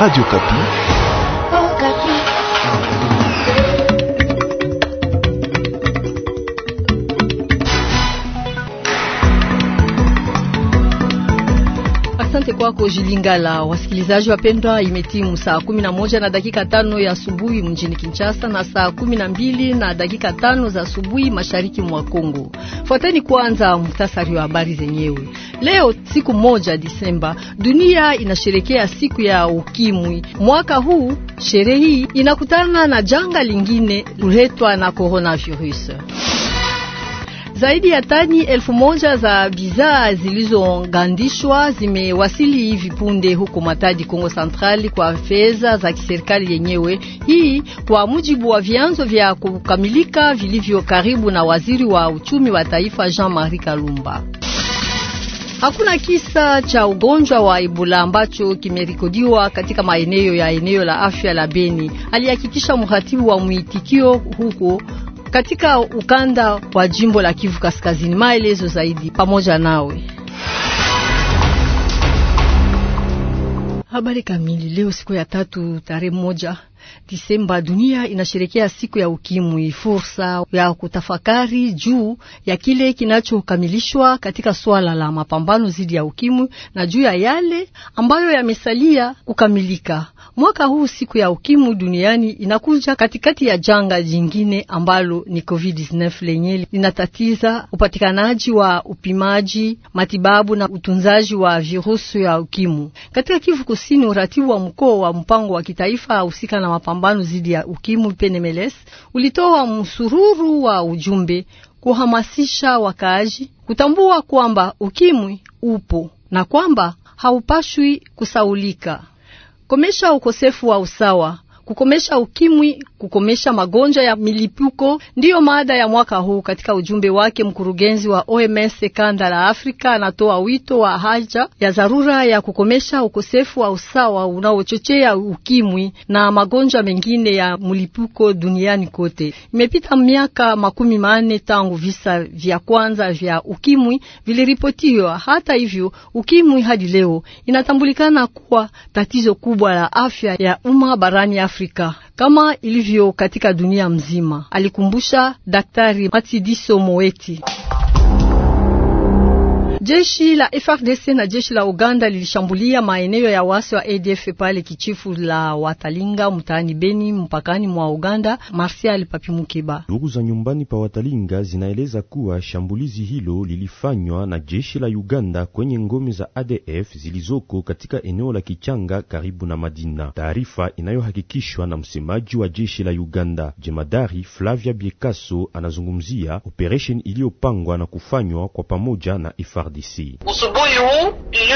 Radio Kapi. Asante kwako Jilingala. Wasikilizaji wapendwa, imetimu saa kumi na moja na dakika tano ya asubuhi mjini Kinshasa na saa kumi na mbili na dakika tano za asubuhi mashariki mwa Kongo. Fuateni kwanza muhtasari wa habari zenyewe. Leo siku moja Disemba, dunia inasherekea siku ya ukimwi. Mwaka huu sherehe hii inakutana na janga lingine kuletwa na coronavirus. Zaidi ya tani elfu moja za bidhaa zilizogandishwa zimewasili hivi punde huko Matadi, Kongo sentrali kwa fedha za kiserikali yenyewe. Hii kwa mujibu wa vyanzo vya kukamilika vilivyo karibu na waziri wa uchumi wa taifa Jean-Marie Kalumba. Hakuna kisa cha ugonjwa wa Ebola ambacho kimerekodiwa katika maeneo ya eneo la afya la Beni, alihakikisha mratibu wa mwitikio huko katika ukanda wa jimbo la Kivu Kaskazini. Maelezo zaidi pamoja nawe habari kamili leo siku ya tatu tarehe moja Disemba dunia inasherekea siku ya ukimwi, fursa ya kutafakari juu ya kile kinachokamilishwa katika swala la mapambano dhidi ya ukimwi na juu ya yale ambayo yamesalia kukamilika. Mwaka huu siku ya ukimwi duniani inakuja katikati ya janga jingine ambalo ni COVID-19 lenye linatatiza upatikanaji wa upimaji, matibabu na utunzaji wa virusi ya ukimwi. Katika Kivu Kusini, uratibu wa mkoa wa mpango wa kitaifa husika na mapambano dhidi ya ukimwi PNMLS ulitoa msururu wa ujumbe kuhamasisha wakaaji kutambua kwamba ukimwi upo na kwamba haupashwi kusaulika, komesha ukosefu wa usawa kukomesha ukimwi, kukomesha magonjwa ya milipuko, ndiyo maada ya mwaka huu. Katika ujumbe wake, mkurugenzi wa OMS kanda la Afrika anatoa wito wa haja ya dharura ya kukomesha ukosefu wa usawa unaochochea ukimwi na magonjwa mengine ya mlipuko duniani kote. Imepita miaka makumi manne tangu visa vya kwanza vya ukimwi viliripotiwa. Hata hivyo, ukimwi hadi leo inatambulikana kuwa tatizo kubwa la afya ya umma barani Afrika. Afrika kama ilivyo katika dunia mzima, alikumbusha Daktari Matidiso Moeti. Jeshi la FRDC na jeshi la Uganda lilishambulia maeneo ya wasi wa ADF pale kichifu la Watalinga mtaani Beni mpakani mwa Uganda. Marsial Papi Mukiba. Ndugu za nyumbani pa Watalinga zinaeleza kuwa shambulizi hilo lilifanywa na jeshi la Uganda kwenye ngome za ADF zilizoko katika eneo la Kichanga karibu na Madina. Taarifa inayohakikishwa na msemaji wa jeshi la Uganda, Jemadari Flavia Biekaso, anazungumzia operation iliyopangwa na kufanywa kwa pamoja na FRDC d'ici. Usubuhi huu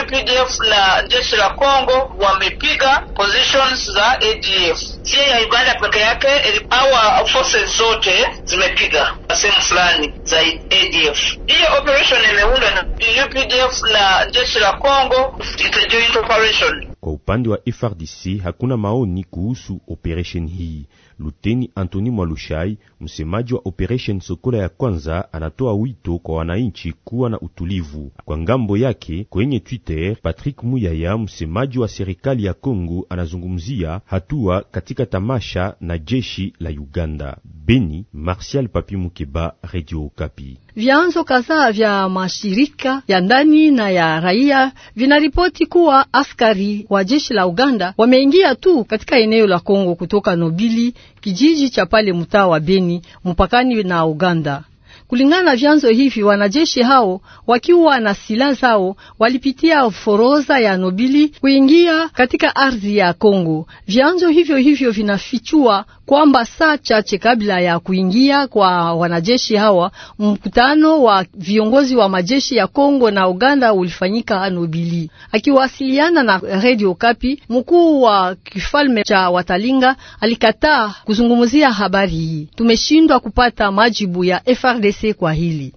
UPDF na jeshi la Kongo wamepiga positions za ADF, Sio ya Uganda peke yake, hawa forces zote zimepiga sehemu fulani za ADF. Hiyo operation imeundwa na UPDF na jeshi la Congo, it's a joint operation upande wa FRDC hakuna maoni kuhusu operation hii. Luteni Anthony Mwalushai, msemaji wa operation Sokola ya kwanza, anatoa wito kwa wananchi kuwa na utulivu. Kwa ngambo yake, kwenye Twitter, Patrick Muyaya, msemaji wa serikali ya Kongo, anazungumzia hatua katika tamasha na jeshi la Uganda. Beni, Martial Papi Mukeba, Radio Kapi. Vyanzo kadhaa vya mashirika ya ndani na ya raia vinaripoti kuwa askari wa jeshi la Uganda wameingia tu katika eneo la Kongo kutoka Nobili, kijiji cha pale mtaa wa Beni mpakani na Uganda. Kulingana na vyanzo hivi, wanajeshi hao wakiwa na silaha zao walipitia foroza ya Nobili kuingia katika ardhi ya Kongo. Vyanzo hivyo hivyo vinafichua kwamba saa chache kabla ya kuingia kwa wanajeshi hawa, mkutano wa viongozi wa majeshi ya Kongo na Uganda ulifanyika Nobili. Akiwasiliana na Radio Kapi, mkuu wa kifalme cha Watalinga alikataa kuzungumzia habari hii. Tumeshindwa kupata majibu ya FRDC kwa hili.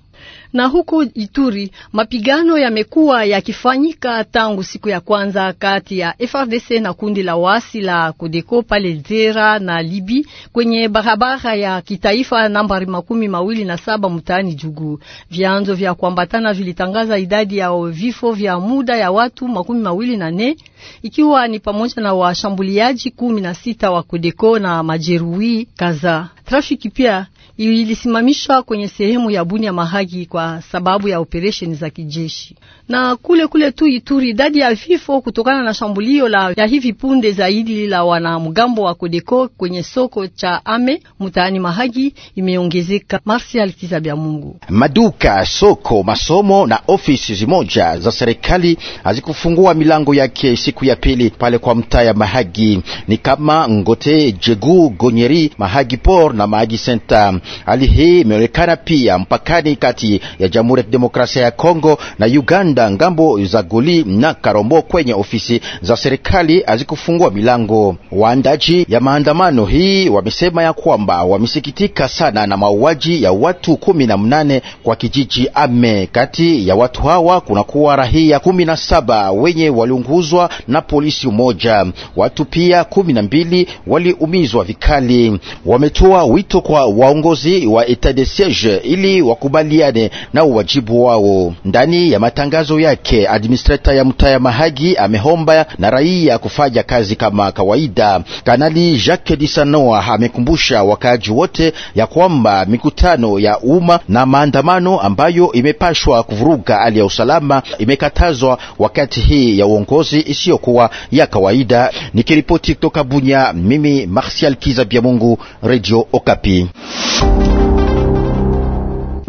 Na huko Ituri mapigano yamekuwa yakifanyika tangu siku ya kwanza kati ya FRDC na kundi la wasi la Kodeko pale Zera na Libi kwenye barabara ya kitaifa nambari makumi mawili na saba mtaani Jugu. Vyanzo vya kuambatana vilitangaza idadi ya vifo vya muda ya watu makumi mawili na ne ikiwa ni pamoja na washambuliaji kumi na sita wa Kodeko na majeruhi kadhaa. Trafiki pia ilisimamishwa kwenye sehemu ya Bunia Mahagi kwa kwa sababu ya operesheni za kijeshi. Na kule kule tu Ituri, idadi ya vifo kutokana na shambulio la ya hivi punde zaidi la wanamgambo wa Kodeko kwenye soko cha Ame mtaani Mahagi imeongezeka. Marsial Kizabya Mungu. Maduka, soko, masomo na ofisi zimoja za serikali hazikufungua milango yake siku ya pili pale kwa mtaa ya Mahagi, ni kama Ngote, Jegu, Gonyeri, Mahagi Port na Mahagi Center. Hali hii imeonekana pia mpakani kati ya Jamhuri ya Kidemokrasia ya Kongo na Uganda, ngambo za Goli na Karombo kwenye ofisi za serikali hazikufungua milango. Waandaji ya maandamano hii wamesema ya kwamba wamesikitika sana na mauaji ya watu kumi na mnane kwa kijiji Ame. Kati ya watu hawa kunakuwa rahia kumi na saba wenye waliunguzwa na polisi mmoja, watu pia kumi na mbili waliumizwa vikali. Wametoa wito kwa waongozi wa etat de siege ili wakubaliane na uwajibu wao. Ndani ya matangazo yake, administrator ya mtaa ya Mahagi amehomba na raia kufanya kazi kama kawaida. Kanali Jacques Disanoa amekumbusha wakaaji wote ya kwamba mikutano ya umma na maandamano ambayo imepashwa kuvuruga hali ya usalama imekatazwa wakati hii ya uongozi isiyokuwa ya kawaida. Nikiripoti kutoka Bunya, mimi Martial Kiza Bya Mungu, Radio Okapi.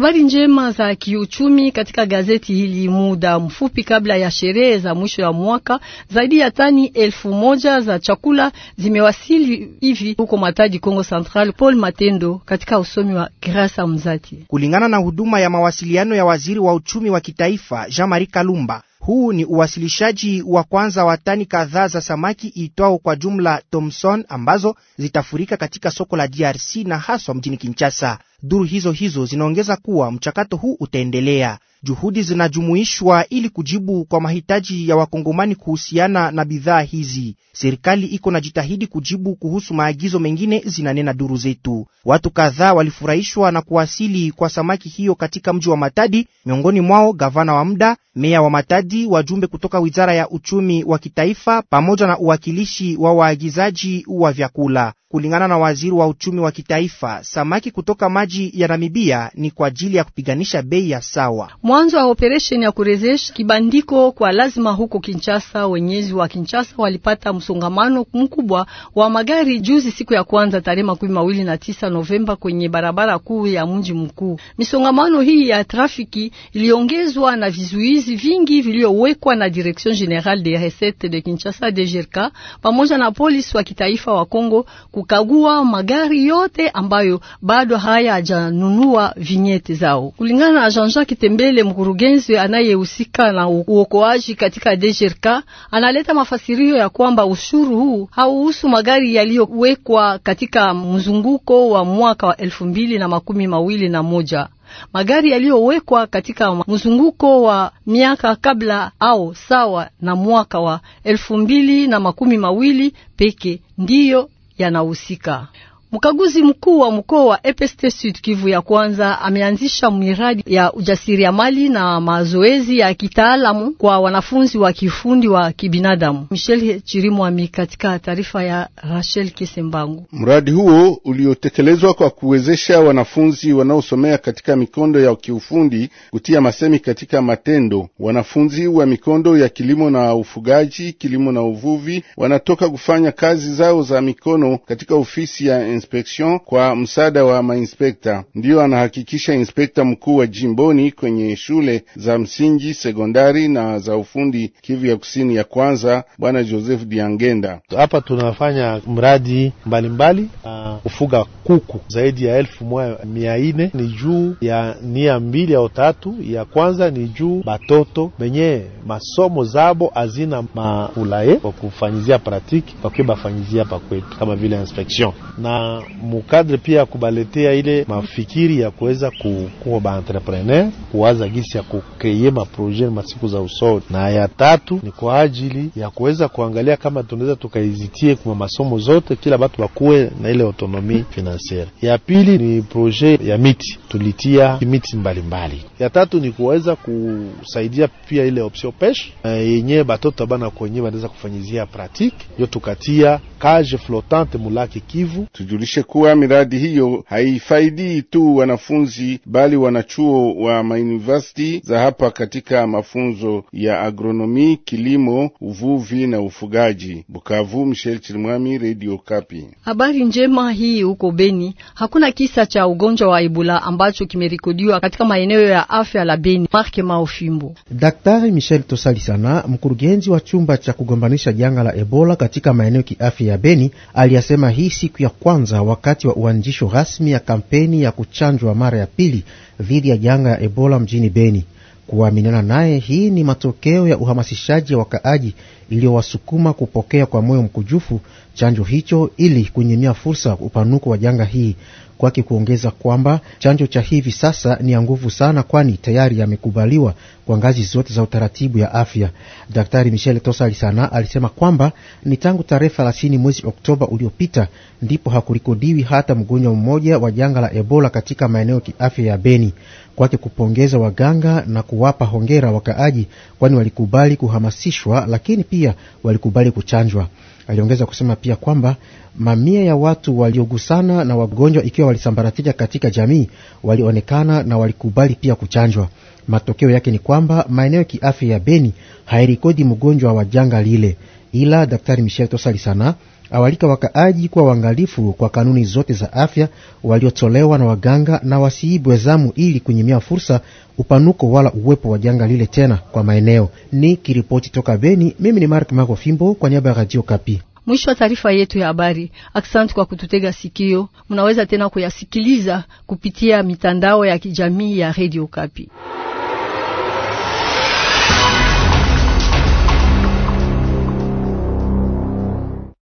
Habari njema za kiuchumi katika gazeti hili. Muda mfupi kabla ya sherehe za mwisho ya mwaka, zaidi ya tani elfu moja za chakula zimewasili hivi huko Matadi, Kongo Central. Paul Matendo katika usomi wa Grasa Mzati. Kulingana na huduma ya mawasiliano ya waziri wa uchumi wa kitaifa Jean-Marie Kalumba, huu ni uwasilishaji wa kwanza wa tani kadhaa za samaki itwao kwa jumla Thomson ambazo zitafurika katika soko la DRC na haswa mjini Kinshasa. Duru hizo hizo zinaongeza kuwa mchakato huu utaendelea. Juhudi zinajumuishwa ili kujibu kwa mahitaji ya wakongomani kuhusiana na bidhaa hizi. Serikali iko na jitahidi kujibu kuhusu maagizo mengine, zinanena duru zetu. Watu kadhaa walifurahishwa na kuwasili kwa samaki hiyo katika mji wa Matadi, miongoni mwao gavana wa muda, meya wa Matadi, wajumbe kutoka wizara ya uchumi wa kitaifa pamoja na uwakilishi wa waagizaji wa vyakula. Kulingana na waziri wa uchumi wa kitaifa, samaki kutoka maji maji ya Namibia ni kwa ajili ya kupiganisha bei ya sawa. Mwanzo wa operesheni ya kurejesha kibandiko kwa lazima huko Kinshasa, wenyezi wa Kinshasa walipata msongamano mkubwa wa magari juzi, siku ya kwanza tarehe makumi mawili na tisa Novemba kwenye barabara kuu ya mji mkuu. Misongamano hii ya trafiki iliongezwa na vizuizi vingi vilivyowekwa na Direction Generale des Recettes de Kinshasa DGRK pamoja na polisi wa kitaifa wa Kongo kukagua magari yote ambayo bado haya hajanunua vinyete zao. Kulingana na Jean-Jacques Tembele, mkurugenzi anayehusika na uokoaji katika DGRK. analeta mafasirio ya kwamba ushuru huu hauhusu magari yaliyowekwa katika mzunguko wa mwaka wa elfu mbili na makumi mawili na moja magari yaliyowekwa katika mzunguko wa miaka kabla au sawa na mwaka wa elfu mbili na makumi mawili peke ndiyo yanahusika. Mkaguzi mkuu wa mkoa wa EPST Sud Kivu ya kwanza ameanzisha miradi ya ujasiriamali na mazoezi ya kitaalamu kwa wanafunzi wa kifundi wa kibinadamu. Michel Chirimwami katika taarifa ya Rachel Kisembangu. Mradi huo uliotekelezwa kwa kuwezesha wanafunzi wanaosomea katika mikondo ya kiufundi kutia masemi katika matendo. Wanafunzi wa mikondo ya kilimo na ufugaji, kilimo na uvuvi wanatoka kufanya kazi zao za mikono katika ofisi ya inspection kwa msaada wa mainspekta, ndiyo anahakikisha inspekta mkuu wa jimboni kwenye shule za msingi, sekondari na za ufundi Kivu ya kusini ya kwanza, Bwana Joseph Diangenda. Hapa tunafanya mradi mbalimbali na kufuga kuku zaidi ya elfu moja mia nne ni juu ya nia mbili au tatu. Ya kwanza ni juu batoto benye masomo zabo hazina maulae kwa kufanyizia pratiki, kwa bafanyizia pakwetu kama vile inspection na mukadre pia ya kubaletea ile mafikiri ya kuweza kukuwa ba entrepreneur kuwaza gisi ya kukreye maproje masiku za usoni, na ya tatu ni kwa ajili ya kuweza kuangalia kama tunaweza tukaizitie kwa masomo zote, kila batu bakuwe na ile autonomi finansiere. Ya pili ni proje ya miti tulitia miti mbalimbali. Ya tatu ni kuweza kusaidia pia ile option peshe eh, yenyewe batoto bana kwenye wanaweza kufanyizia pratique, yo tukatia cage flottante mulaki Kivu. Tujulishe kuwa miradi hiyo haifaidii tu wanafunzi bali wanachuo wa mauniversity za hapa katika mafunzo ya agronomi, kilimo, uvuvi na ufugaji. Bukavu, Michel Chirimwami, Radio Kapi. Habari njema hii huko Beni, hakuna kisa cha ugonjwa wa Ebola ambacho kimerekodiwa katika maeneo ya afya la Beni. Mark Maofimbo. Daktari Michel Tosalisana, mkurugenzi wa chumba cha kugombanisha janga la Ebola katika maeneo kiafya ya Beni, aliyasema hii siku ya kwanza wakati wa uanzisho rasmi ya kampeni ya kuchanjwa mara ya pili dhidi ya janga ya Ebola mjini Beni. Kuaminana naye, hii ni matokeo ya uhamasishaji wa wakaaji iliyowasukuma kupokea kwa moyo mkujufu chanjo hicho ili kunyimia fursa upanuko wa janga hii kwake kuongeza kwamba chanjo cha hivi sasa ni ya nguvu sana, kwani tayari yamekubaliwa kwa ngazi zote za utaratibu ya afya. Daktari Michel Tosali sana alisema kwamba ni tangu tarehe thelathini mwezi Oktoba uliopita ndipo hakurikodiwi hata mgonjwa mmoja wa janga la Ebola katika maeneo kiafya ya Beni, kwake kupongeza waganga na kuwapa hongera wakaaji, kwani walikubali kuhamasishwa, lakini pia walikubali kuchanjwa. Aliongeza kusema pia kwamba mamia ya watu waliogusana na wagonjwa ikiwa walisambaratika katika jamii walionekana na walikubali pia kuchanjwa. Matokeo yake ni kwamba maeneo ya kiafya ya Beni hairikodi mgonjwa wa janga lile, ila Daktari Michel Tosali sana awalika wakaaji kuwa wangalifu kwa kanuni zote za afya waliotolewa na waganga na wasiibwe zamu ili kunyimia fursa upanuko wala uwepo wa janga lile tena kwa maeneo. Ni kiripoti toka Beni. Mimi ni Mark Mako Fimbo kwa niaba ya Radio Kapi. Mwisho wa taarifa yetu ya habari. aksanti kwa kututega sikio. Mnaweza tena kuyasikiliza kupitia mitandao ya kijamii ya Radio Kapi.